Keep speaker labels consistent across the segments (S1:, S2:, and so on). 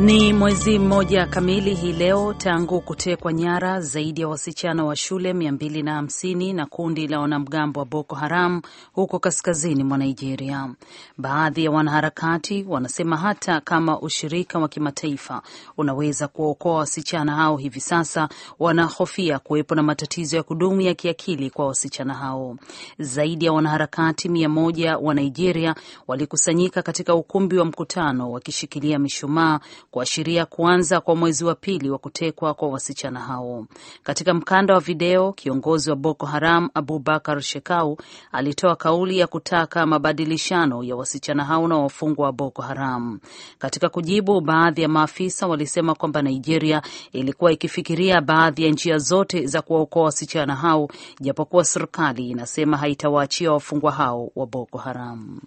S1: Ni mwezi mmoja kamili hii leo tangu kutekwa nyara zaidi ya wasichana wa shule 250 na kundi la wanamgambo wa Boko Haram huko kaskazini mwa Nigeria. Baadhi ya wanaharakati wanasema hata kama ushirika wa kimataifa unaweza kuwaokoa wasichana hao, hivi sasa wanahofia kuwepo na matatizo ya kudumu ya kiakili kwa wasichana hao. Zaidi ya wanaharakati mia moja wa Nigeria walikusanyika katika ukumbi wa mkutano wakishikilia mishumaa kuashiria kuanza kwa mwezi wa pili wa kutekwa kwa wasichana hao. Katika mkanda wa video, kiongozi wa Boko Haram Abubakar Shekau alitoa kauli ya kutaka mabadilishano ya wasichana hao na wafungwa wa Boko Haram. Katika kujibu, baadhi ya maafisa walisema kwamba Nigeria ilikuwa ikifikiria baadhi ya njia zote za kuwaokoa wasichana hao, japokuwa serikali inasema haitawaachia wafungwa hao wa Boko Haram.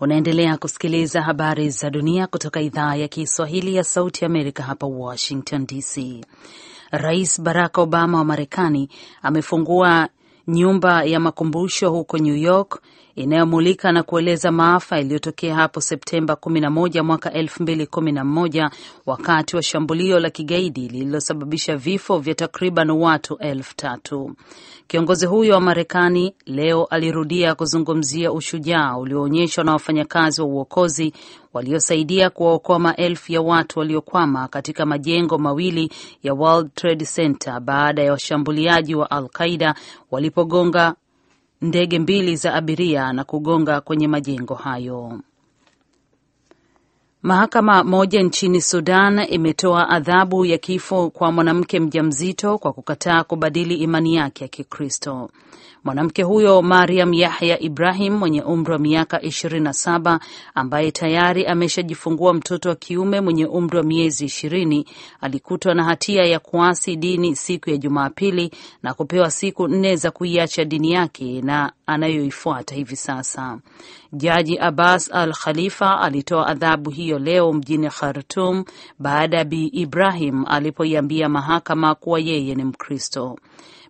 S1: Unaendelea kusikiliza habari za dunia kutoka idhaa ya Kiswahili ya Sauti ya Amerika hapa Washington DC. Rais Barack Obama wa Marekani amefungua nyumba ya makumbusho huko New York inayomulika na kueleza maafa yaliyotokea hapo Septemba 11 mwaka 2011 wakati wa shambulio la kigaidi lililosababisha vifo vya takriban watu elfu tatu. Kiongozi huyo wa Marekani leo alirudia kuzungumzia ushujaa ulioonyeshwa na wafanyakazi wa uokozi waliosaidia kuwaokoa maelfu ya watu waliokwama katika majengo mawili ya World Trade Center baada ya washambuliaji wa Al Qaida wali ilipogonga ndege mbili za abiria na kugonga kwenye majengo hayo. Mahakama moja nchini Sudan imetoa adhabu ya kifo kwa mwanamke mjamzito kwa kukataa kubadili imani yake ya Kikristo. Mwanamke huyo Mariam Yahya Ibrahim mwenye umri wa miaka 27 ambaye tayari ameshajifungua mtoto wa kiume mwenye umri wa miezi 20 alikutwa na hatia ya kuasi dini siku ya Jumapili na kupewa siku nne za kuiacha dini yake na anayoifuata hivi sasa. Jaji Abbas Al Khalifa alitoa adhabu hiyo hiyo leo mjini khartum baada ya Bi Ibrahim alipoiambia mahakama kuwa yeye ni Mkristo.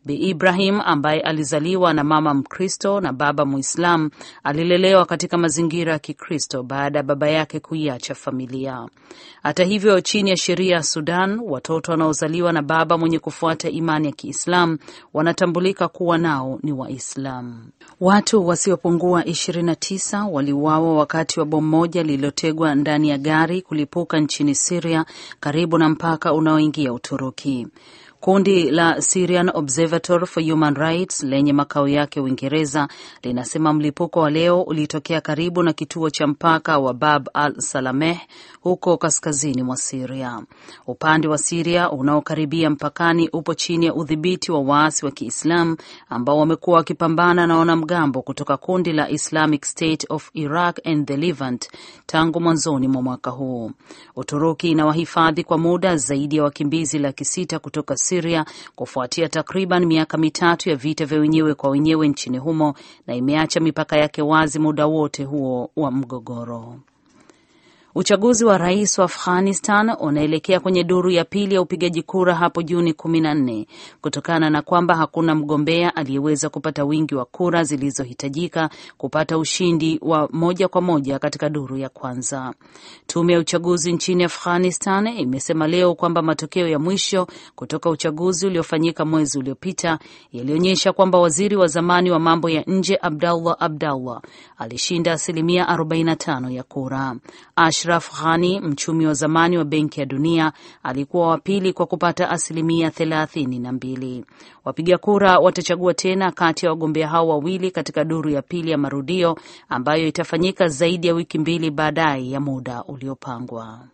S1: Bi Ibrahim ambaye alizaliwa na mama Mkristo na baba Muislamu alilelewa katika mazingira ya Kikristo baada ya baba yake kuiacha familia. Hata hivyo, chini ya sheria ya Sudan, watoto wanaozaliwa na baba mwenye kufuata imani ya Kiislamu wanatambulika kuwa nao ni waislam Watu wasiopungua 29 waliuawa wakati wa bomu moja lililotegwa ndani ya gari kulipuka nchini Siria karibu na mpaka unaoingia Uturuki. Kundi la Syrian Observatory for Human Rights lenye makao yake Uingereza linasema mlipuko wa leo ulitokea karibu na kituo cha mpaka wa Bab al Salameh huko kaskazini mwa Siria. Upande wa Siria unaokaribia mpakani upo chini ya udhibiti wa waasi wa kiislam ambao wamekuwa wakipambana na wanamgambo kutoka kundi la Islamic State of Iraq and the Levant tangu mwanzoni mwa mwaka huu. Uturuki inawahifadhi kwa muda zaidi ya wakimbizi laki sita kutoka Siria kufuatia takriban miaka mitatu ya vita vya wenyewe kwa wenyewe nchini humo na imeacha mipaka yake wazi muda wote huo wa mgogoro. Uchaguzi wa rais wa Afghanistan unaelekea kwenye duru ya pili ya upigaji kura hapo Juni kumi na nne kutokana na kwamba hakuna mgombea aliyeweza kupata wingi wa kura zilizohitajika kupata ushindi wa moja kwa moja katika duru ya kwanza. Tume ya uchaguzi nchini Afghanistan imesema leo kwamba matokeo ya mwisho kutoka uchaguzi uliofanyika mwezi uliopita yalionyesha kwamba waziri wa zamani wa mambo ya nje Abdallah Abdallah alishinda asilimia 45 ya kura Ash Ashraf Ghani, mchumi wa zamani wa Benki ya Dunia, alikuwa wa pili kwa kupata asilimia thelathini na mbili. Wapiga kura watachagua tena kati ya wagombea hao wawili katika duru ya pili ya marudio ambayo itafanyika zaidi ya wiki mbili baadaye ya muda uliopangwa.